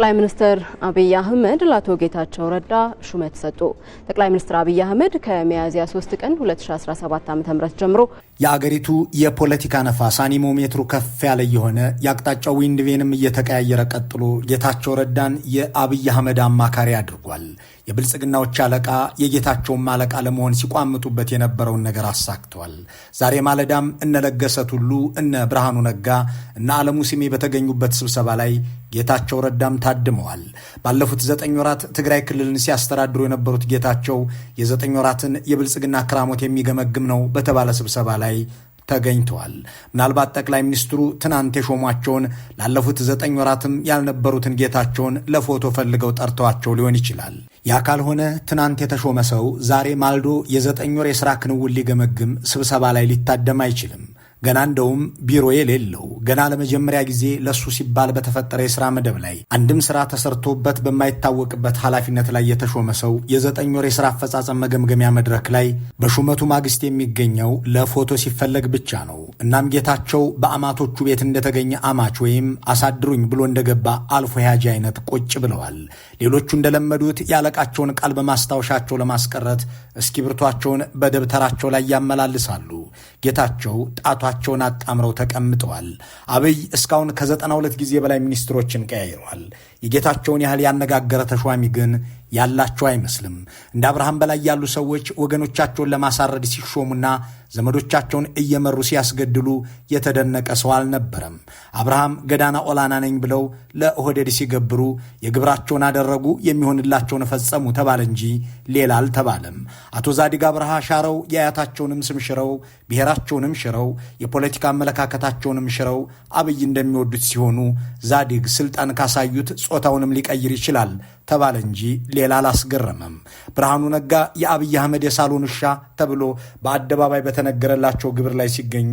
ጠቅላይ ሚኒስትር አብይ አህመድ ለአቶ ጌታቸው ረዳ ሹመት ሰጡ። ጠቅላይ ሚኒስትር አብይ አህመድ ከሚያዝያ 3 ቀን 2017 ዓ.ም ጀምሮ የአገሪቱ የፖለቲካ ነፋስ አኒሞሜትሩ ከፍ ያለ የሆነ የአቅጣጫው ዊንድቬንም እየተቀያየረ ቀጥሎ ጌታቸው ረዳን የአብይ አህመድ አማካሪ አድርጓል። የብልጽግናዎች አለቃ የጌታቸውም አለቃ ለመሆን ሲቋምጡበት የነበረውን ነገር አሳክተዋል። ዛሬ ማለዳም እነ ለገሰ ቱሉ፣ እነ ብርሃኑ ነጋ፣ እነ አለሙ ስሜ በተገኙበት ስብሰባ ላይ ጌታቸው ረዳም ታድመዋል። ባለፉት ዘጠኝ ወራት ትግራይ ክልልን ሲያስተዳድሩ የነበሩት ጌታቸው የዘጠኝ ወራትን የብልጽግና ክራሞት የሚገመግም ነው በተባለ ስብሰባ ላይ ተገኝተዋል። ምናልባት ጠቅላይ ሚኒስትሩ ትናንት የሾሟቸውን ላለፉት ዘጠኝ ወራትም ያልነበሩትን ጌታቸውን ለፎቶ ፈልገው ጠርተዋቸው ሊሆን ይችላል። ያ ካልሆነ ትናንት የተሾመ ሰው ዛሬ ማልዶ የዘጠኝ ወር የሥራ ክንውን ሊገመግም ስብሰባ ላይ ሊታደም አይችልም። ገና እንደውም ቢሮ የሌለው ገና ለመጀመሪያ ጊዜ ለሱ ሲባል በተፈጠረ የስራ መደብ ላይ አንድም ስራ ተሰርቶበት በማይታወቅበት ኃላፊነት ላይ የተሾመ ሰው የዘጠኝ ወር የስራ አፈጻጸም መገምገሚያ መድረክ ላይ በሹመቱ ማግስት የሚገኘው ለፎቶ ሲፈለግ ብቻ ነው። እናም ጌታቸው በአማቶቹ ቤት እንደተገኘ አማች ወይም አሳድሩኝ ብሎ እንደገባ አልፎ ያጅ አይነት ቁጭ ብለዋል። ሌሎቹ እንደለመዱት ያለቃቸውን ቃል በማስታወሻቸው ለማስቀረት እስክሪብቶአቸውን በደብተራቸው ላይ ያመላልሳሉ። ጌታቸው ጣቷ ቁጥራቸውን አጣምረው ተቀምጠዋል። አብይ እስካሁን ከዘጠና ሁለት ጊዜ በላይ ሚኒስትሮችን ቀያይረዋል። የጌታቸውን ያህል ያነጋገረ ተሿሚ ግን ያላቸው አይመስልም። እንደ አብርሃም በላይ ያሉ ሰዎች ወገኖቻቸውን ለማሳረድ ሲሾሙና ዘመዶቻቸውን እየመሩ ሲያስገድሉ የተደነቀ ሰው አልነበረም። አብርሃም ገዳና ኦላና ነኝ ብለው ለኦህዴድ ሲገብሩ የግብራቸውን አደረጉ፣ የሚሆንላቸውን ፈጸሙ ተባለ እንጂ ሌላ አልተባለም። አቶ ዛዲግ አብርሃ ሻረው የአያታቸውንም ስም ሽረው ብሔራቸውንም ሽረው የፖለቲካ አመለካከታቸውንም ሽረው አብይ እንደሚወዱት ሲሆኑ ዛዲግ ስልጣን ካሳዩት ጾታውንም ሊቀይር ይችላል ተባለ እንጂ ሌላ አላስገረመም። ብርሃኑ ነጋ የአብይ አህመድ የሳሎን ውሻ ተብሎ በአደባባይ በተነገረላቸው ግብር ላይ ሲገኙ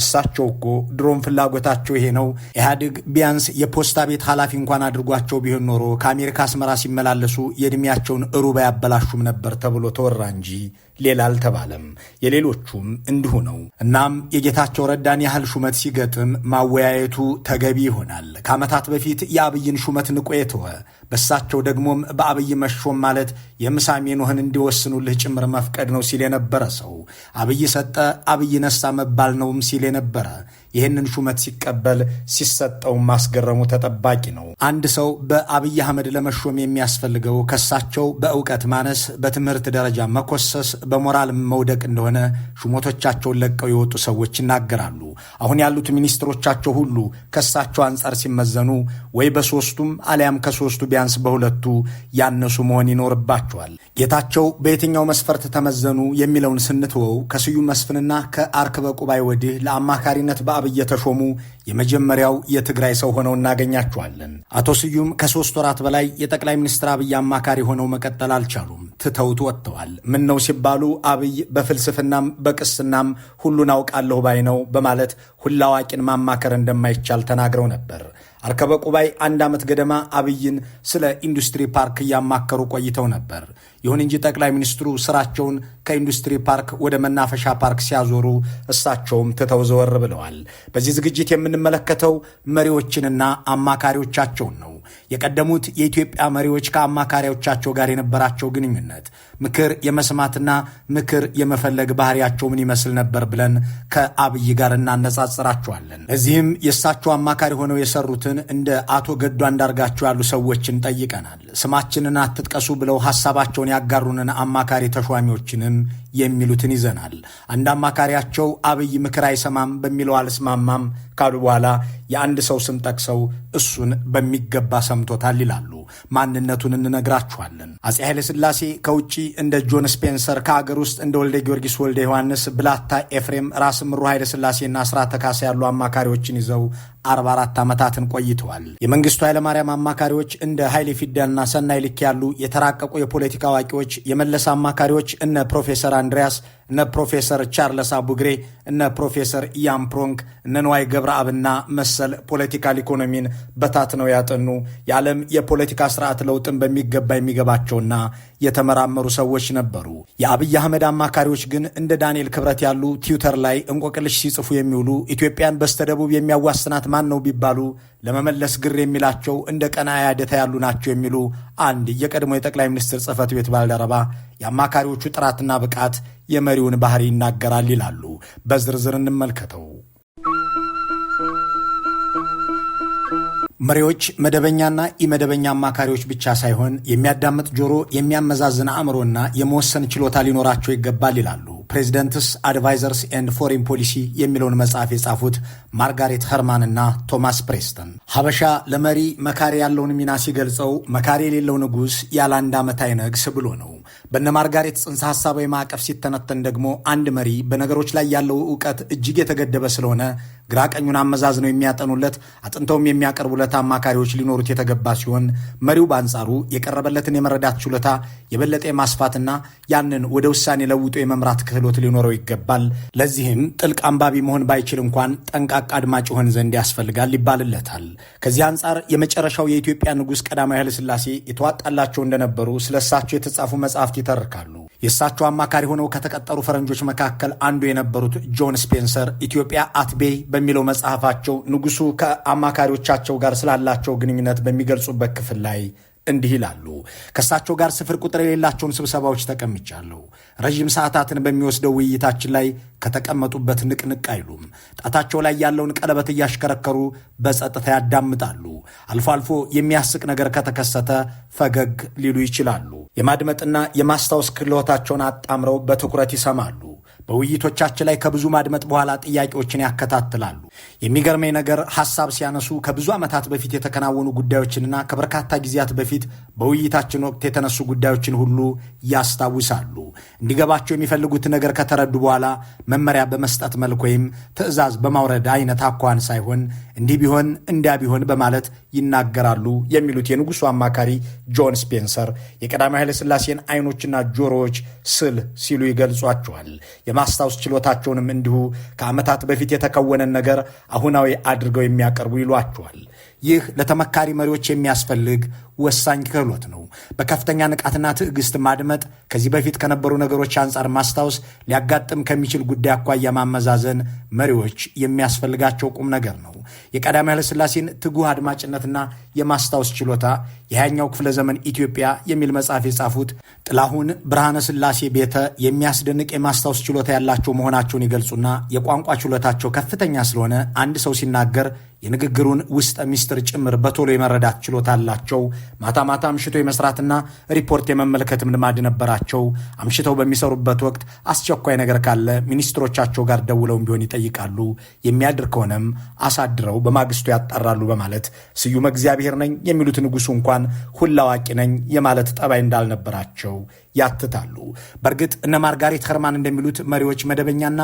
እሳቸው እኮ ድሮም ፍላጎታቸው ይሄ ነው፣ ኢህአዴግ ቢያንስ የፖስታ ቤት ኃላፊ እንኳን አድርጓቸው ቢሆን ኖሮ ከአሜሪካ አስመራ ሲመላለሱ የእድሜያቸውን ሩባ ያበላሹም ነበር ተብሎ ተወራ እንጂ ሌላ አልተባለም። የሌሎቹም እንዲሁ ነው። እናም የጌታቸው ረዳን ያህል ሹመት ሲገጥም ማወያየቱ ተገቢ ይሆናል። ከዓመታት በፊት የአብይን ሹመት ንቆ የተወ በሳቸው ደግሞም በአብይ መሾም ማለት የምሳ ሜኑህን እንዲወስኑልህ ጭምር መፍቀድ ነው ሲል የነበረ ሰው አብይ ሰጠ አብይ ነሳ መባል ነውም ሲል የነበረ ይህንን ሹመት ሲቀበል ሲሰጠው ማስገረሙ ተጠባቂ ነው። አንድ ሰው በአብይ አህመድ ለመሾም የሚያስፈልገው ከሳቸው በእውቀት ማነስ፣ በትምህርት ደረጃ መኮሰስ፣ በሞራል መውደቅ እንደሆነ ሹመቶቻቸውን ለቀው የወጡ ሰዎች ይናገራሉ። አሁን ያሉት ሚኒስትሮቻቸው ሁሉ ከሳቸው አንጻር ሲመዘኑ ወይ በሶስቱም አሊያም ከሶስቱ ቢያንስ በሁለቱ ያነሱ መሆን ይኖርባቸዋል። ጌታቸው በየትኛው መስፈርት ተመዘኑ የሚለውን ስንትወው ከስዩም መስፍንና ከአርክበ ቁባይ ወዲህ ለአማካሪነት በአብይ የተሾሙ የመጀመሪያው የትግራይ ሰው ሆነው እናገኛቸዋለን። አቶ ስዩም ከሶስት ወራት በላይ የጠቅላይ ሚኒስትር አብይ አማካሪ ሆነው መቀጠል አልቻሉም፣ ትተውት ወጥተዋል። ምን ነው ሲባሉ አብይ በፍልስፍናም በቅስናም ሁሉን አውቃለሁ ባይ ነው በማለት ሁላዋቂን አዋቂን ማማከር እንደማይቻል ተናግረው ነበር። አርከበ ቁባይ አንድ ዓመት ገደማ አብይን ስለ ኢንዱስትሪ ፓርክ እያማከሩ ቆይተው ነበር። ይሁን እንጂ ጠቅላይ ሚኒስትሩ ስራቸውን ከኢንዱስትሪ ፓርክ ወደ መናፈሻ ፓርክ ሲያዞሩ እሳቸውም ትተው ዘወር ብለዋል። በዚህ ዝግጅት የምንመለከተው መሪዎችንና አማካሪዎቻቸውን ነው። የቀደሙት የኢትዮጵያ መሪዎች ከአማካሪዎቻቸው ጋር የነበራቸው ግንኙነት፣ ምክር የመስማትና ምክር የመፈለግ ባህሪያቸው ምን ይመስል ነበር ብለን ከአብይ ጋር እናነጻጽራቸዋለን። እዚህም የእሳቸው አማካሪ ሆነው የሰሩትን እንደ አቶ ገዱ አንዳርጋቸው ያሉ ሰዎችን ጠይቀናል። ስማችንን አትጥቀሱ ብለው ሀሳባቸውን ያጋሩንን አማካሪ ተሿሚዎችንም የሚሉትን ይዘናል። አንድ አማካሪያቸው አብይ ምክር አይሰማም በሚለው አልስማማም ካሉ በኋላ የአንድ ሰው ስም ጠቅሰው እሱን በሚገባ ሰምቶታል ይላሉ። ማንነቱን እንነግራችኋለን። ኃይለ ሥላሴ ከውጭ እንደ ጆን ስፔንሰር፣ ከአገር ውስጥ እንደ ወልደ ጊዮርጊስ ወልደ ዮሐንስ፣ ብላታ ኤፍሬም፣ ራስ ምሩ ሥላሴና ስርዓተ ካሳ ያሉ አማካሪዎችን ይዘው 44 ዓመታትን ቆይተዋል። የመንግስቱ ኃይለማርያም አማካሪዎች እንደ ኃይሌ ፊዳና ሰናይ ልክ ያሉ የተራቀቁ የፖለቲካ አዋቂዎች፣ የመለስ አማካሪዎች እነ ፕሮፌሰር Andreas እነ ፕሮፌሰር ቻርለስ አቡግሬ፣ እነ ፕሮፌሰር ኢያም ፕሮንክ፣ እነ ንዋይ ገብረአብና መሰል ፖለቲካል ኢኮኖሚን በታትነው ያጠኑ የዓለም የፖለቲካ ስርዓት ለውጥን በሚገባ የሚገባቸውና የተመራመሩ ሰዎች ነበሩ። የአብይ አህመድ አማካሪዎች ግን እንደ ዳንኤል ክብረት ያሉ ትዊተር ላይ እንቆቅልሽ ሲጽፉ የሚውሉ ኢትዮጵያን በስተደቡብ የሚያዋስናት ማን ነው ቢባሉ ለመመለስ ግር የሚላቸው እንደ ቀና ያደታ ያሉ ናቸው የሚሉ አንድ የቀድሞ የጠቅላይ ሚኒስትር ጽህፈት ቤት ባልደረባ የአማካሪዎቹ ጥራትና ብቃት የመሪውን ባህሪ ይናገራል ይላሉ። በዝርዝር እንመልከተው። መሪዎች መደበኛና ኢመደበኛ አማካሪዎች ብቻ ሳይሆን የሚያዳምጥ ጆሮ፣ የሚያመዛዝን አእምሮና የመወሰን ችሎታ ሊኖራቸው ይገባል ይላሉ ፕሬዚደንትስ አድቫይዘርስ ኤንድ ፎሪን ፖሊሲ የሚለውን መጽሐፍ የጻፉት ማርጋሬት ኸርማን እና ቶማስ ፕሬስተን። ሀበሻ ለመሪ መካሪ ያለውን ሚና ሲገልጸው መካሪ የሌለው ንጉሥ ያለ አንድ ዓመት አይነግስ ብሎ ነው። በነ ማርጋሬት ጽንሰ ሀሳባዊ ማዕቀፍ ሲተነተን ደግሞ አንድ መሪ በነገሮች ላይ ያለው እውቀት እጅግ የተገደበ ስለሆነ ግራ ቀኙን አመዛዝነው የሚያጠኑለት አጥንተውም የሚያቀርቡለት አማካሪዎች ሊኖሩት የተገባ ሲሆን መሪው በአንጻሩ የቀረበለትን የመረዳት ችሎታ የበለጠ የማስፋትና ያንን ወደ ውሳኔ ለውጦ የመምራት ክህሎት ሊኖረው ይገባል። ለዚህም ጥልቅ አንባቢ መሆን ባይችል እንኳን ጠንቃቃ አድማጭ ሆን ዘንድ ያስፈልጋል ይባልለታል። ከዚህ አንጻር የመጨረሻው የኢትዮጵያ ንጉሥ ቀዳማዊ ስላሴ የተዋጣላቸው እንደነበሩ ስለሳቸው የተጻፉ መጽ መጻሕፍት ይተርካሉ። የእሳቸው አማካሪ ሆነው ከተቀጠሩ ፈረንጆች መካከል አንዱ የነበሩት ጆን ስፔንሰር ኢትዮጵያ አትቤይ በሚለው መጽሐፋቸው ንጉሱ ከአማካሪዎቻቸው ጋር ስላላቸው ግንኙነት በሚገልጹበት ክፍል ላይ እንዲህ ይላሉ። ከእሳቸው ጋር ስፍር ቁጥር የሌላቸውን ስብሰባዎች ተቀምጫለሁ። ረዥም ሰዓታትን በሚወስደው ውይይታችን ላይ ከተቀመጡበት ንቅንቅ አይሉም። ጣታቸው ላይ ያለውን ቀለበት እያሽከረከሩ በጸጥታ ያዳምጣሉ። አልፎ አልፎ የሚያስቅ ነገር ከተከሰተ ፈገግ ሊሉ ይችላሉ። የማድመጥና የማስታወስ ክህሎታቸውን አጣምረው በትኩረት ይሰማሉ። በውይይቶቻችን ላይ ከብዙ ማድመጥ በኋላ ጥያቄዎችን ያከታትላሉ። የሚገርመኝ ነገር ሀሳብ ሲያነሱ ከብዙ ዓመታት በፊት የተከናወኑ ጉዳዮችንና ከበርካታ ጊዜያት በፊት በውይይታችን ወቅት የተነሱ ጉዳዮችን ሁሉ ያስታውሳሉ። እንዲገባቸው የሚፈልጉት ነገር ከተረዱ በኋላ መመሪያ በመስጠት መልክ ወይም ትዕዛዝ በማውረድ አይነት አኳን ሳይሆን እንዲህ ቢሆን እንዲያ ቢሆን በማለት ይናገራሉ የሚሉት የንጉሱ አማካሪ ጆን ስፔንሰር የቀዳማዊ ኃይለሥላሴን አይኖችና ጆሮዎች ስል ሲሉ ይገልጿቸዋል። የማስታወስ ችሎታቸውንም እንዲሁ ከዓመታት በፊት የተከወነን ነገር አሁናዊ አድርገው የሚያቀርቡ ይሏቸዋል። ይህ ለተመካሪ መሪዎች የሚያስፈልግ ወሳኝ ክህሎት ነው። በከፍተኛ ንቃትና ትዕግስት ማድመጥ፣ ከዚህ በፊት ከነበሩ ነገሮች አንጻር ማስታወስ፣ ሊያጋጥም ከሚችል ጉዳይ አኳያ ማመዛዘን መሪዎች የሚያስፈልጋቸው ቁም ነገር ነው። የቀዳማዊ ኃይለሥላሴን ትጉህ አድማጭነትና የማስታወስ ችሎታ የሃያኛው ክፍለ ዘመን ኢትዮጵያ የሚል መጽሐፍ የጻፉት ጥላሁን ብርሃነ ስላሴ ቤተ የሚያስደንቅ የማስታወስ ችሎታ ያላቸው መሆናቸውን ይገልጹና የቋንቋ ችሎታቸው ከፍተኛ ስለሆነ አንድ ሰው ሲናገር የንግግሩን ውስጠ ሚስጥር ጭምር በቶሎ የመረዳት ችሎታ አላቸው። ማታ ማታ አምሽቶ የመስራትና ሪፖርት የመመልከትም ልማድ ነበራቸው። አምሽተው በሚሰሩበት ወቅት አስቸኳይ ነገር ካለ ሚኒስትሮቻቸው ጋር ደውለውም ቢሆን ይጠይቃሉ። የሚያድር ከሆነም አሳድረው በማግስቱ ያጣራሉ በማለት ስዩም እግዚአብሔር ነኝ የሚሉት ንጉሱ እንኳን እንኳን ሁላዋቂ ነኝ የማለት ጠባይ እንዳልነበራቸው ያትታሉ። በእርግጥ እነ ማርጋሬት ኸርማን እንደሚሉት መሪዎች መደበኛና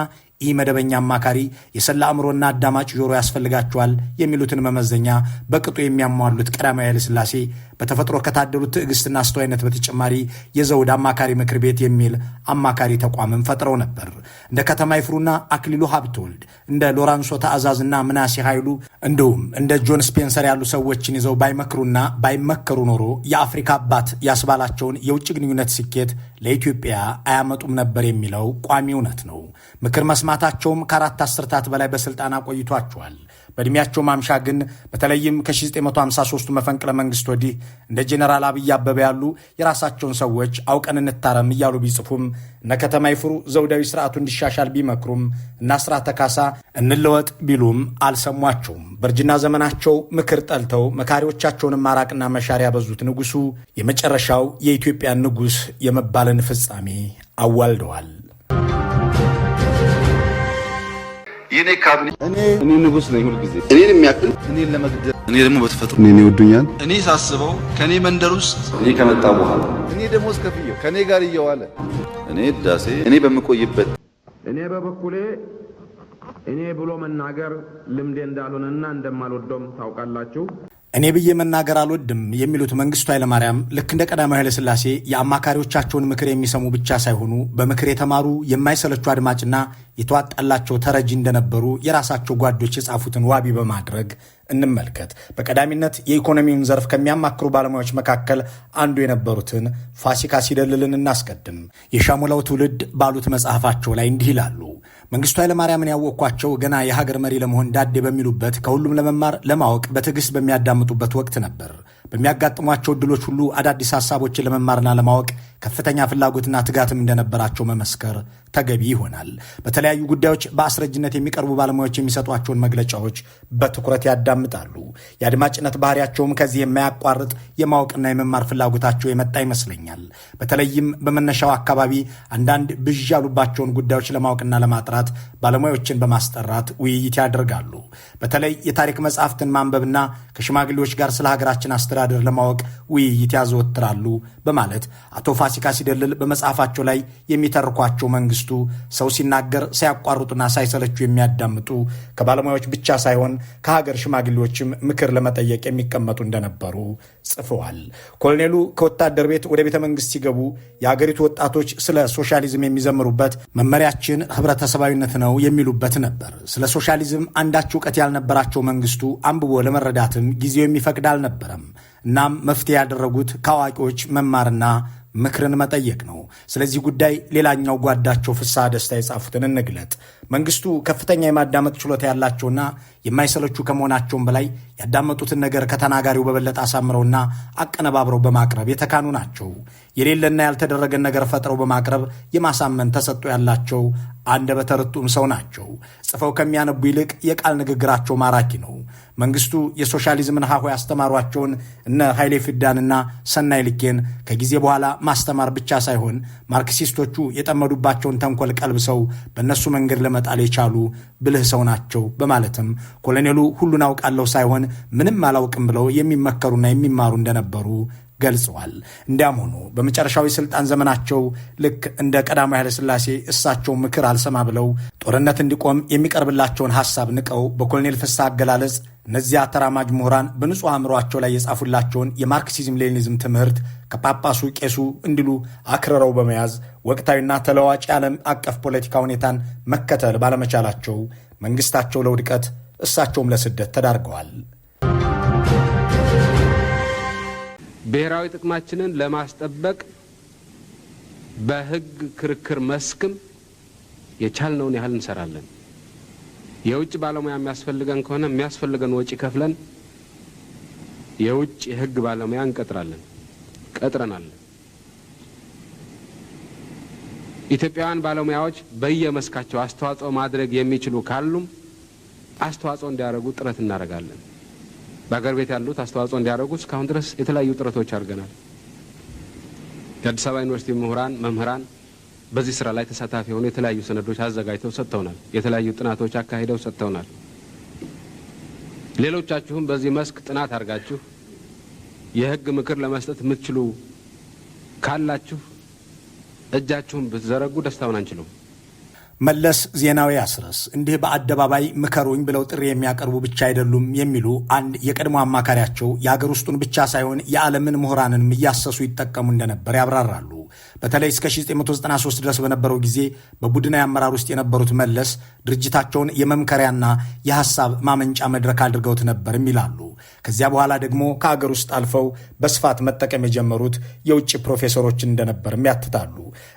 ኢ መደበኛ አማካሪ፣ የሰላ አእምሮና አዳማጭ ጆሮ ያስፈልጋቸዋል የሚሉትን መመዘኛ በቅጡ የሚያሟሉት ቀዳማዊ ኃይለ ሥላሴ በተፈጥሮ ከታደሉት ትዕግስትና አስተዋይነት በተጨማሪ የዘውድ አማካሪ ምክር ቤት የሚል አማካሪ ተቋምም ፈጥረው ነበር። እንደ ከተማ ይፍሩና አክሊሉ ሀብትወልድ፣ እንደ ሎራንሶ ተአዛዝና ምናሴ ኃይሉ እንዲሁም እንደ ጆን ስፔንሰር ያሉ ሰዎችን ይዘው ባይመክሩና ባይመከሩ ኖሮ የአፍሪካ አባት ያስባላቸውን የውጭ ግንኙነት ስኬት ውጤት ለኢትዮጵያ አያመጡም ነበር የሚለው ቋሚ እውነት ነው። ምክር መስማታቸውም ከአራት አስርታት በላይ በስልጣን አቆይቷቸዋል። በዕድሜያቸው ማምሻ ግን በተለይም ከ1953ቱ መፈንቅለ መንግስት ወዲህ እንደ ጄኔራል አብይ አበበ ያሉ የራሳቸውን ሰዎች አውቀን እንታረም እያሉ ቢጽፉም እነ ከተማ ይፍሩ ዘውዳዊ ስርዓቱ እንዲሻሻል ቢመክሩም እና ስርዓተ ካሳ እንለወጥ ቢሉም አልሰሟቸውም። በእርጅና ዘመናቸው ምክር ጠልተው መካሪዎቻቸውን ማራቅና መሻር ያበዙት ንጉሱ የመጨረሻው የኢትዮጵያ ንጉስ የመባልን ፍጻሜ አዋልደዋል። የኔ ካቢኔ እኔ እኔ ንጉስ ነኝ ሁልጊዜ እኔን የሚያክል እኔን ለመግደል እኔ ደግሞ በተፈጥሮ እኔን ይወዱኛል እኔ ሳስበው ከኔ መንደር ውስጥ እኔ ከመጣ በኋላ እኔ ደግሞ እስከፍየው ከኔ ጋር እየዋለ እኔ ዳሴ እኔ በምቆይበት እኔ በበኩሌ እኔ ብሎ መናገር ልምዴ እንዳልሆነና እንደማልወደውም ታውቃላችሁ። እኔ ብዬ መናገር አልወድም የሚሉት መንግስቱ ኃይለማርያም ልክ እንደ ቀዳማዊ ኃይለሥላሴ የአማካሪዎቻቸውን ምክር የሚሰሙ ብቻ ሳይሆኑ በምክር የተማሩ የማይሰለቹ አድማጭና የተዋጣላቸው ተረጂ እንደነበሩ የራሳቸው ጓዶች የጻፉትን ዋቢ በማድረግ እንመልከት። በቀዳሚነት የኢኮኖሚውን ዘርፍ ከሚያማክሩ ባለሙያዎች መካከል አንዱ የነበሩትን ፋሲካ ሲደልልን እናስቀድም። የሻሙላው ትውልድ ባሉት መጽሐፋቸው ላይ እንዲህ ይላሉ። መንግስቱ ኃይለማርያምን ያወቅኳቸው ገና የሀገር መሪ ለመሆን ዳዴ በሚሉበት ከሁሉም ለመማር ለማወቅ በትዕግስት በሚያዳምጡበት ወቅት ነበር። በሚያጋጥሟቸው እድሎች ሁሉ አዳዲስ ሀሳቦችን ለመማርና ለማወቅ ከፍተኛ ፍላጎትና ትጋትም እንደነበራቸው መመስከር ተገቢ ይሆናል። በተለያዩ ጉዳዮች በአስረጅነት የሚቀርቡ ባለሙያዎች የሚሰጧቸውን መግለጫዎች በትኩረት ያዳምጣሉ። የአድማጭነት ባህሪያቸውም ከዚህ የማያቋርጥ የማወቅና የመማር ፍላጎታቸው የመጣ ይመስለኛል። በተለይም በመነሻው አካባቢ አንዳንድ ብዥ ያሉባቸውን ጉዳዮች ለማወቅና ለማጥራት ባለሙያዎችን በማስጠራት ውይይት ያደርጋሉ። በተለይ የታሪክ መጽሐፍትን ማንበብና ከሽማግሌዎች ጋር ስለ ሀገራችን አስተዳደ አስተዳደር ለማወቅ ውይይት ያዘወትራሉ በማለት አቶ ፋሲካ ሲደልል በመጽሐፋቸው ላይ የሚተርኳቸው መንግስቱ ሰው ሲናገር ሳያቋርጡና ሳይሰለቹ የሚያዳምጡ ከባለሙያዎች ብቻ ሳይሆን ከሀገር ሽማግሌዎችም ምክር ለመጠየቅ የሚቀመጡ እንደነበሩ ጽፈዋል። ኮሎኔሉ ከወታደር ቤት ወደ ቤተ መንግስት ሲገቡ የአገሪቱ ወጣቶች ስለ ሶሻሊዝም የሚዘምሩበት መመሪያችን ህብረተሰባዊነት ነው የሚሉበት ነበር። ስለ ሶሻሊዝም አንዳች እውቀት ያልነበራቸው መንግስቱ አንብቦ ለመረዳትም ጊዜው የሚፈቅድ አልነበረም። እናም መፍትሄ ያደረጉት ከአዋቂዎች መማርና ምክርን መጠየቅ ነው። ስለዚህ ጉዳይ ሌላኛው ጓዳቸው ፍስሐ ደስታ የጻፉትን እንግለጥ። መንግስቱ ከፍተኛ የማዳመጥ ችሎታ ያላቸውና የማይሰለቹ ከመሆናቸውም በላይ ያዳመጡትን ነገር ከተናጋሪው በበለጠ አሳምረውና አቀነባብረው በማቅረብ የተካኑ ናቸው። የሌለና ያልተደረገን ነገር ፈጥረው በማቅረብ የማሳመን ተሰጥኦ ያላቸው አንደበተ ርቱዕ ሰው ናቸው። ጽፈው ከሚያነቡ ይልቅ የቃል ንግግራቸው ማራኪ ነው። መንግስቱ የሶሻሊዝምን ሀሁ ያስተማሯቸውን እነ ኃይሌ ፍዳንና ሰናይ ልኬን ከጊዜ በኋላ ማስተማር ብቻ ሳይሆን ማርክሲስቶቹ የጠመዱባቸውን ተንኮል ቀልብሰው በእነሱ መንገድ ለመጣል የቻሉ ብልህ ሰው ናቸው በማለትም ኮሎኔሉ ሁሉን አውቃለሁ ሳይሆን ምንም አላውቅም ብለው የሚመከሩና የሚማሩ እንደነበሩ ገልጸዋል። እንዲያም ሆኖ በመጨረሻዊ ስልጣን ዘመናቸው ልክ እንደ ቀዳማዊ ኃይለሥላሴ እሳቸው ምክር አልሰማ ብለው ጦርነት እንዲቆም የሚቀርብላቸውን ሐሳብ ንቀው በኮሎኔል ፍስሐ አገላለጽ እነዚያ ተራማጅ ምሁራን በንጹሕ አእምሯቸው ላይ የጻፉላቸውን የማርክሲዝም ሌኒዝም ትምህርት ከጳጳሱ ቄሱ እንዲሉ አክርረው በመያዝ ወቅታዊና ተለዋጭ የዓለም አቀፍ ፖለቲካ ሁኔታን መከተል ባለመቻላቸው መንግሥታቸው ለውድቀት እሳቸውም ለስደት ተዳርገዋል። ብሔራዊ ጥቅማችንን ለማስጠበቅ በህግ ክርክር መስክም የቻልነውን ያህል እንሰራለን። የውጭ ባለሙያ የሚያስፈልገን ከሆነ የሚያስፈልገን ወጪ ከፍለን የውጭ የህግ ባለሙያ እንቀጥራለን ቀጥረናለን። ኢትዮጵያውያን ባለሙያዎች በየመስካቸው አስተዋጽኦ ማድረግ የሚችሉ ካሉም አስተዋጽኦ እንዲያደርጉ ጥረት እናደርጋለን። በአገር ቤት ያሉት አስተዋጽኦ እንዲያደርጉ እስካሁን ድረስ የተለያዩ ጥረቶች አድርገናል። የአዲስ አበባ ዩኒቨርሲቲ ምሁራን፣ መምህራን በዚህ ስራ ላይ ተሳታፊ የሆኑ የተለያዩ ሰነዶች አዘጋጅተው ሰጥተውናል። የተለያዩ ጥናቶች አካሂደው ሰጥተውናል። ሌሎቻችሁም በዚህ መስክ ጥናት አድርጋችሁ የህግ ምክር ለመስጠት የምትችሉ ካላችሁ እጃችሁን ብትዘረጉ ደስታውን አንችሉም። መለስ ዜናዊ አስረስ እንዲህ በአደባባይ ምከሩኝ ብለው ጥሪ የሚያቀርቡ ብቻ አይደሉም የሚሉ አንድ የቀድሞ አማካሪያቸው የአገር ውስጡን ብቻ ሳይሆን የዓለምን ምሁራንንም እያሰሱ ይጠቀሙ እንደነበር ያብራራሉ። በተለይ እስከ 1993 ድረስ በነበረው ጊዜ በቡድናዊ አመራር ውስጥ የነበሩት መለስ ድርጅታቸውን የመምከሪያና የሐሳብ ማመንጫ መድረክ አድርገውት ነበርም ይላሉ። ከዚያ በኋላ ደግሞ ከአገር ውስጥ አልፈው በስፋት መጠቀም የጀመሩት የውጭ ፕሮፌሰሮችን እንደነበርም ያትታሉ።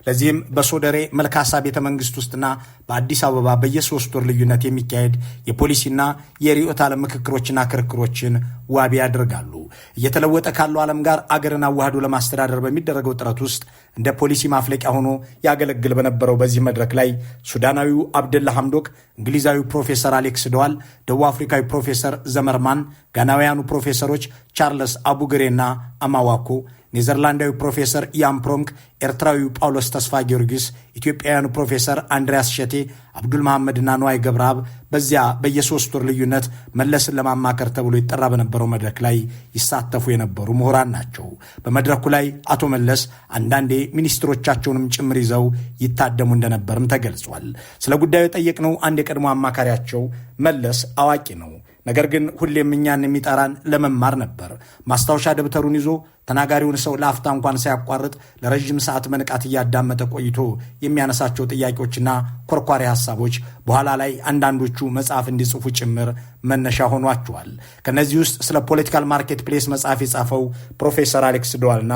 ለዚህም በሶደሬ መልካሳ ቤተ መንግስት ውስጥና በአዲስ አበባ በየሶስት ወር ልዩነት የሚካሄድ የፖሊሲና የርዕዮተ ዓለም ምክክሮችና ክርክሮችን ዋቢ ያደርጋሉ። እየተለወጠ ካለው ዓለም ጋር አገርን አዋህዶ ለማስተዳደር በሚደረገው ጥረት ውስጥ እንደ ፖሊሲ ማፍለቂያ ሆኖ ያገለግል በነበረው በዚህ መድረክ ላይ ሱዳናዊው አብደላ ሐምዶክ፣ እንግሊዛዊው ፕሮፌሰር አሌክስ ደዋል፣ ደቡብ አፍሪካዊ ፕሮፌሰር ዘመርማን፣ ጋናውያኑ ፕሮፌሰሮች ቻርለስ አቡግሬና አማዋኮ ኔዘርላንዳዊ ፕሮፌሰር ያን ፕሮምክ፣ ኤርትራዊው ጳውሎስ ተስፋ ጊዮርጊስ፣ ኢትዮጵያውያኑ ፕሮፌሰር አንድሪያስ ሸቴ፣ አብዱል መሐመድና ነዋይ ገብረአብ በዚያ በየሶስት ወር ልዩነት መለስን ለማማከር ተብሎ ይጠራ በነበረው መድረክ ላይ ይሳተፉ የነበሩ ምሁራን ናቸው። በመድረኩ ላይ አቶ መለስ አንዳንዴ ሚኒስትሮቻቸውንም ጭምር ይዘው ይታደሙ እንደነበርም ተገልጿል። ስለ ጉዳዩ የጠየቅነው አንድ የቀድሞ አማካሪያቸው መለስ አዋቂ ነው ነገር ግን ሁሌም እኛን የሚጠራን ለመማር ነበር። ማስታወሻ ደብተሩን ይዞ ተናጋሪውን ሰው ለአፍታ እንኳን ሳያቋርጥ ለረዥም ሰዓት መንቃት እያዳመጠ ቆይቶ የሚያነሳቸው ጥያቄዎችና ኮርኳሪ ሀሳቦች በኋላ ላይ አንዳንዶቹ መጽሐፍ እንዲጽፉ ጭምር መነሻ ሆኗቸዋል። ከእነዚህ ውስጥ ስለ ፖለቲካል ማርኬት ፕሌስ መጽሐፍ የጻፈው ፕሮፌሰር አሌክስ ደዋልና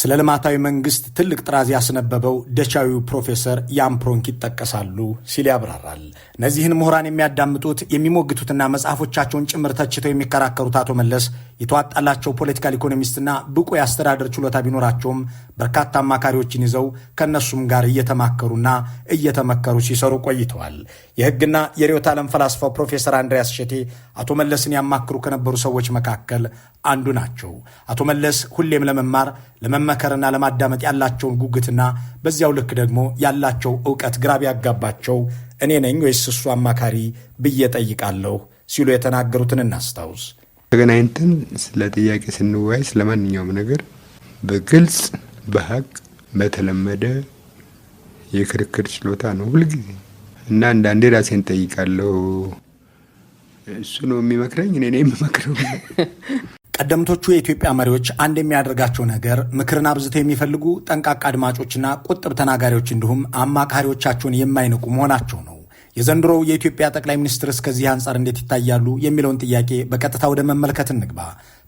ስለ ልማታዊ መንግስት ትልቅ ጥራዝ ያስነበበው ደቻዊው ፕሮፌሰር ያምፕሮንክ ይጠቀሳሉ ሲል ያብራራል። እነዚህን ምሁራን የሚያዳምጡት የሚሞግቱትና መጽሐፎቻቸውን ጭምር ተችተው የሚከራከሩት አቶ መለስ የተዋጣላቸው ፖለቲካል ኢኮኖሚስትና ብቁ የአስተዳደር ችሎታ ቢኖራቸውም በርካታ አማካሪዎችን ይዘው ከእነሱም ጋር እየተማከሩና እየተመከሩ ሲሰሩ ቆይተዋል። የህግና የርዕዮተ ዓለም ፈላስፋው ፕሮፌሰር አንድሪያስ ሸቴ አቶ መለስን ያማክሩ ከነበሩ ሰዎች መካከል አንዱ ናቸው። አቶ መለስ ሁሌም ለመማር ለመመከርና ለማዳመጥ ያላቸውን ጉጉትና በዚያው ልክ ደግሞ ያላቸው እውቀት ግራ ቢያጋባቸው እኔ ነኝ ወይስ እሱ አማካሪ ብዬ ጠይቃለሁ ሲሉ የተናገሩትን እናስታውስ። ተገናኝተን ስለ ጥያቄ ስንወያይ ስለ ማንኛውም ነገር በግልጽ በሀቅ በተለመደ የክርክር ችሎታ ነው ሁልጊዜ እና አንዳንዴ ራሴን ጠይቃለሁ እሱ ነው የሚመክረኝ፣ እኔ የምመክረው። ቀደምቶቹ የኢትዮጵያ መሪዎች አንድ የሚያደርጋቸው ነገር ምክርን አብዝተው የሚፈልጉ ጠንቃቃ አድማጮችና ቁጥብ ተናጋሪዎች እንዲሁም አማካሪዎቻቸውን የማይንቁ መሆናቸው ነው። የዘንድሮው የኢትዮጵያ ጠቅላይ ሚኒስትር እስከዚህ አንጻር እንዴት ይታያሉ የሚለውን ጥያቄ በቀጥታ ወደ መመልከት እንግባ።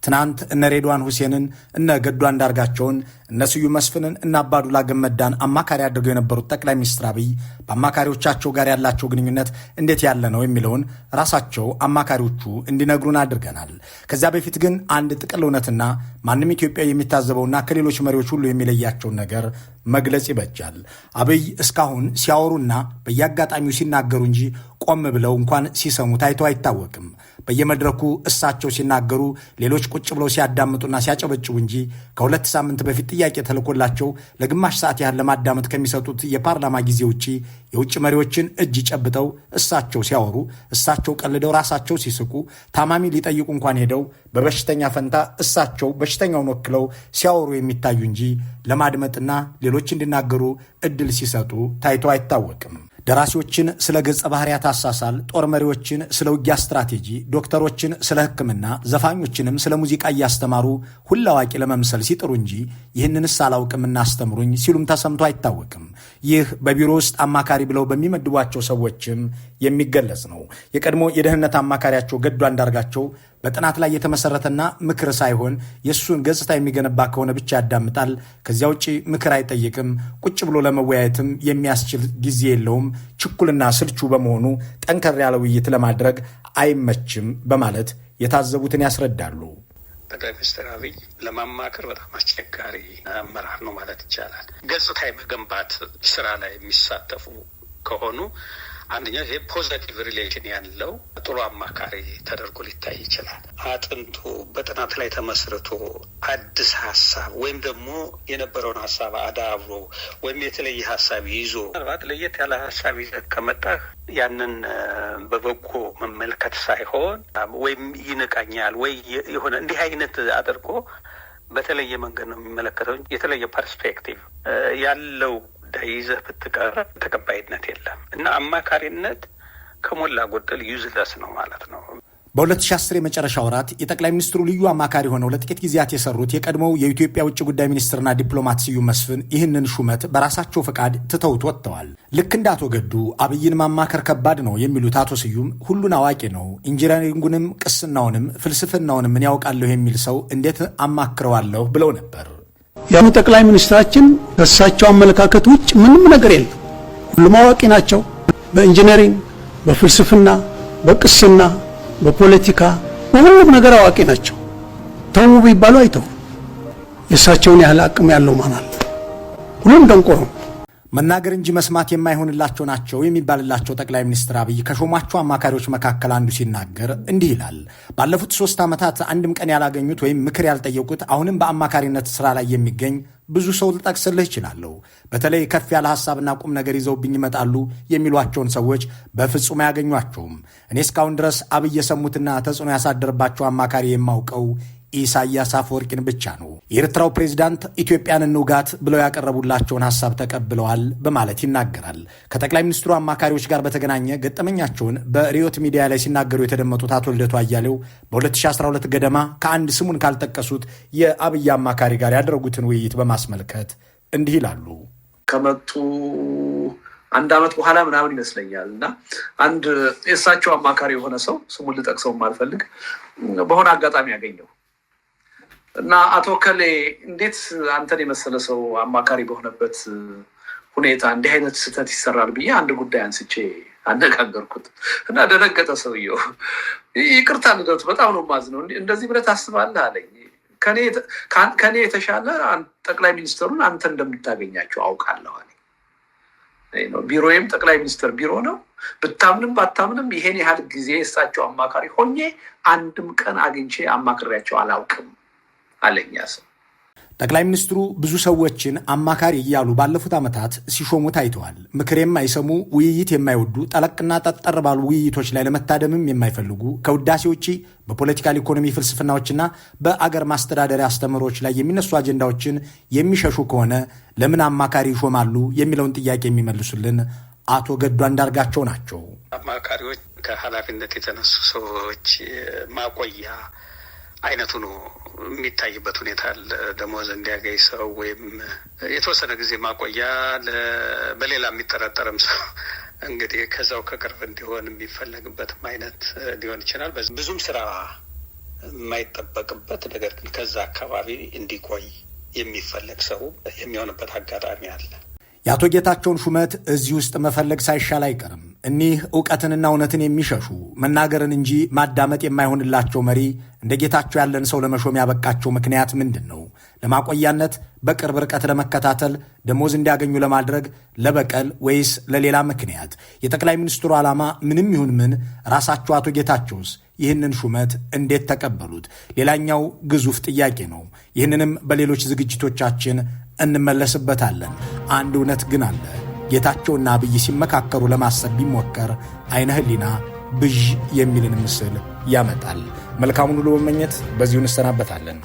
ትናንት እነ ሬድዋን ሁሴንን እነ ገዱ አንዳርጋቸውን እነ ስዩም መስፍንን እና አባዱላ ገመዳን አማካሪ አድርገው የነበሩት ጠቅላይ ሚኒስትር አብይ በአማካሪዎቻቸው ጋር ያላቸው ግንኙነት እንዴት ያለ ነው የሚለውን ራሳቸው አማካሪዎቹ እንዲነግሩን አድርገናል። ከዚያ በፊት ግን አንድ ጥቅል እውነትና ማንም ኢትዮጵያ የሚታዘበውና ከሌሎች መሪዎች ሁሉ የሚለያቸውን ነገር መግለጽ ይበጃል። አብይ እስካሁን ሲያወሩና በየአጋጣሚው ሲናገሩ እንጂ ቆም ብለው እንኳን ሲሰሙ ታይቶ አይታወቅም። በየመድረኩ እሳቸው ሲናገሩ ሌሎች ቁጭ ብለው ሲያዳምጡና ሲያጨበጭቡ እንጂ ከሁለት ሳምንት በፊት ጥያቄ ተልኮላቸው ለግማሽ ሰዓት ያህል ለማዳመጥ ከሚሰጡት የፓርላማ ጊዜ ውጪ የውጭ መሪዎችን እጅ ጨብጠው እሳቸው ሲያወሩ፣ እሳቸው ቀልደው ራሳቸው ሲስቁ፣ ታማሚ ሊጠይቁ እንኳን ሄደው በበሽተኛ ፈንታ እሳቸው በሽተኛውን ወክለው ሲያወሩ የሚታዩ እንጂ ለማድመጥና ሌሎች እንዲናገሩ እድል ሲሰጡ ታይቶ አይታወቅም። ደራሲዎችን ስለ ገጸ ባህርያት አሳሳል፣ ጦር መሪዎችን ስለ ውጊያ ስትራቴጂ፣ ዶክተሮችን ስለ ሕክምና፣ ዘፋኞችንም ስለ ሙዚቃ እያስተማሩ ሁሉ አዋቂ ለመምሰል ሲጥሩ እንጂ ይህንንስ አላውቅም እናስተምሩኝ ሲሉም ተሰምቶ አይታወቅም። ይህ በቢሮ ውስጥ አማካሪ ብለው በሚመድቧቸው ሰዎችም የሚገለጽ ነው። የቀድሞ የደህንነት አማካሪያቸው ገዱ አንዳርጋቸው በጥናት ላይ የተመሰረተና ምክር ሳይሆን የእሱን ገጽታ የሚገነባ ከሆነ ብቻ ያዳምጣል። ከዚያ ውጭ ምክር አይጠይቅም። ቁጭ ብሎ ለመወያየትም የሚያስችል ጊዜ የለውም። ችኩልና ስልቹ በመሆኑ ጠንከር ያለ ውይይት ለማድረግ አይመችም በማለት የታዘቡትን ያስረዳሉ። ጠቅላይ ሚኒስትር አብይ ለማማከር በጣም አስቸጋሪ አመራር ነው ማለት ይቻላል። ገጽታ የመገንባት ስራ ላይ የሚሳተፉ ከሆኑ አንደኛ ይሄ ፖዘቲቭ ሪሌሽን ያለው ጥሩ አማካሪ ተደርጎ ሊታይ ይችላል። አጥንቶ በጥናት ላይ ተመስርቶ አዲስ ሀሳብ ወይም ደግሞ የነበረውን ሀሳብ አዳብሮ ወይም የተለየ ሀሳብ ይዞ ምናልባት ለየት ያለ ሀሳብ ይዘህ ከመጣህ ያንን በበጎ መመልከት ሳይሆን ወይም ይንቃኛል ወይ የሆነ እንዲህ አይነት አድርጎ በተለየ መንገድ ነው የሚመለከተው። የተለየ ፐርስፔክቲቭ ያለው ጉዳይ ይዘህ ብትቀርብ ተቀባይነት የለም እና አማካሪነት ከሞላ ጎደል ዩዝለስ ነው ማለት ነው። በ2010 የመጨረሻ ወራት የጠቅላይ ሚኒስትሩ ልዩ አማካሪ ሆነው ለጥቂት ጊዜያት የሰሩት የቀድሞው የኢትዮጵያ ውጭ ጉዳይ ሚኒስትርና ዲፕሎማት ስዩም መስፍን ይህንን ሹመት በራሳቸው ፈቃድ ትተውት ወጥተዋል። ልክ እንደ አቶ ገዱ አብይን ማማከር ከባድ ነው የሚሉት አቶ ስዩም ሁሉን አዋቂ ነው፣ ኢንጂነሪንጉንም ቅስናውንም ፍልስፍናውንም ምን ያውቃለሁ የሚል ሰው እንዴት አማክረዋለሁ ብለው ነበር። ያሁኑ ጠቅላይ ሚኒስትራችን ከእሳቸው አመለካከት ውጭ ምንም ነገር የለም። ሁሉም አዋቂ ናቸው። በኢንጂነሪንግ፣ በፍልስፍና፣ በቅስና፣ በፖለቲካ፣ በሁሉም ነገር አዋቂ ናቸው። ተው ቢባሉ አይተው የእሳቸውን ያህል አቅም ያለው ማናል? ሁሉም ደንቆሮ ነው። መናገር እንጂ መስማት የማይሆንላቸው ናቸው የሚባልላቸው ጠቅላይ ሚኒስትር አብይ ከሾሟቸው አማካሪዎች መካከል አንዱ ሲናገር እንዲህ ይላል። ባለፉት ሶስት ዓመታት አንድም ቀን ያላገኙት ወይም ምክር ያልጠየቁት አሁንም በአማካሪነት ስራ ላይ የሚገኝ ብዙ ሰው ልጠቅስልህ እችላለሁ። በተለይ ከፍ ያለ ሐሳብና ቁም ነገር ይዘውብኝ ይመጣሉ የሚሏቸውን ሰዎች በፍጹም አያገኟቸውም። እኔ እስካሁን ድረስ አብይ የሰሙትና ተጽዕኖ ያሳደረባቸው አማካሪ የማውቀው ኢሳያስ አፈወርቂን ብቻ ነው። የኤርትራው ፕሬዚዳንት ኢትዮጵያን እንውጋት ብለው ያቀረቡላቸውን ሀሳብ ተቀብለዋል በማለት ይናገራል። ከጠቅላይ ሚኒስትሩ አማካሪዎች ጋር በተገናኘ ገጠመኛቸውን በሪዮት ሚዲያ ላይ ሲናገሩ የተደመጡት አቶ ልደቱ አያሌው በ2012 ገደማ ከአንድ ስሙን ካልጠቀሱት የአብይ አማካሪ ጋር ያደረጉትን ውይይት በማስመልከት እንዲህ ይላሉ። ከመጡ አንድ ዓመት በኋላ ምናምን ይመስለኛል እና አንድ የእሳቸው አማካሪ የሆነ ሰው ስሙን ልጠቅሰው ማልፈልግ በሆነ አጋጣሚ ያገኘው እና አቶ ከሌ እንዴት አንተን የመሰለ ሰው አማካሪ በሆነበት ሁኔታ እንዲህ አይነት ስህተት ይሰራል ብዬ አንድ ጉዳይ አንስቼ አነጋገርኩት እና ደነገጠ ሰውየው። ይቅርታ ልደቱ፣ በጣም ነው የማዝነው፣ እንደዚህ ብለህ ታስባለህ አለኝ። ከኔ የተሻለ ጠቅላይ ሚኒስትሩን አንተ እንደምታገኛቸው አውቃለሁ አለኝ። ቢሮዬም ጠቅላይ ሚኒስትር ቢሮ ነው። ብታምንም ባታምንም ይሄን ያህል ጊዜ እሳቸው አማካሪ ሆኜ አንድም ቀን አግኝቼ አማክሬያቸው አላውቅም። አለኛ ሰው ጠቅላይ ሚኒስትሩ ብዙ ሰዎችን አማካሪ እያሉ ባለፉት ዓመታት ሲሾሙ ታይተዋል። ምክር የማይሰሙ ውይይት የማይወዱ ጠለቅና ጠጠር ባሉ ውይይቶች ላይ ለመታደምም የማይፈልጉ ከውዳሴ ውጪ በፖለቲካል ኢኮኖሚ ፍልስፍናዎችና በአገር ማስተዳደሪያ አስተምህሮች ላይ የሚነሱ አጀንዳዎችን የሚሸሹ ከሆነ ለምን አማካሪ ይሾማሉ የሚለውን ጥያቄ የሚመልሱልን አቶ ገዱ አንዳርጋቸው ናቸው። አማካሪዎች ከኃላፊነት የተነሱ ሰዎች ማቆያ አይነቱ ነው የሚታይበት ሁኔታ አለ። ደሞዝ እንዲያገኝ ሰው ወይም የተወሰነ ጊዜ ማቆያ በሌላ የሚጠረጠርም ሰው እንግዲህ ከዛው ከቅርብ እንዲሆን የሚፈለግበትም አይነት ሊሆን ይችላል። ብዙም ስራ የማይጠበቅበት ነገር ግን ከዛ አካባቢ እንዲቆይ የሚፈለግ ሰው የሚሆንበት አጋጣሚ አለ። የአቶ ጌታቸውን ሹመት እዚህ ውስጥ መፈለግ ሳይሻል አይቀርም። እኒህ እውቀትንና እውነትን የሚሸሹ መናገርን እንጂ ማዳመጥ የማይሆንላቸው መሪ እንደ ጌታቸው ያለን ሰው ለመሾም ያበቃቸው ምክንያት ምንድን ነው? ለማቆያነት፣ በቅርብ ርቀት ለመከታተል፣ ደሞዝ እንዲያገኙ ለማድረግ፣ ለበቀል ወይስ ለሌላ ምክንያት? የጠቅላይ ሚኒስትሩ ዓላማ ምንም ይሁን ምን ራሳቸው አቶ ጌታቸውስ ይህንን ሹመት እንዴት ተቀበሉት? ሌላኛው ግዙፍ ጥያቄ ነው። ይህንንም በሌሎች ዝግጅቶቻችን እንመለስበታለን። አንድ እውነት ግን አለ። ጌታቸውና አብይ ሲመካከሩ ለማሰብ ቢሞከር አይነ ህሊና ብዥ የሚልን ምስል ያመጣል። መልካሙን ሁሉ በመመኘት በዚሁ እንሰናበታለን።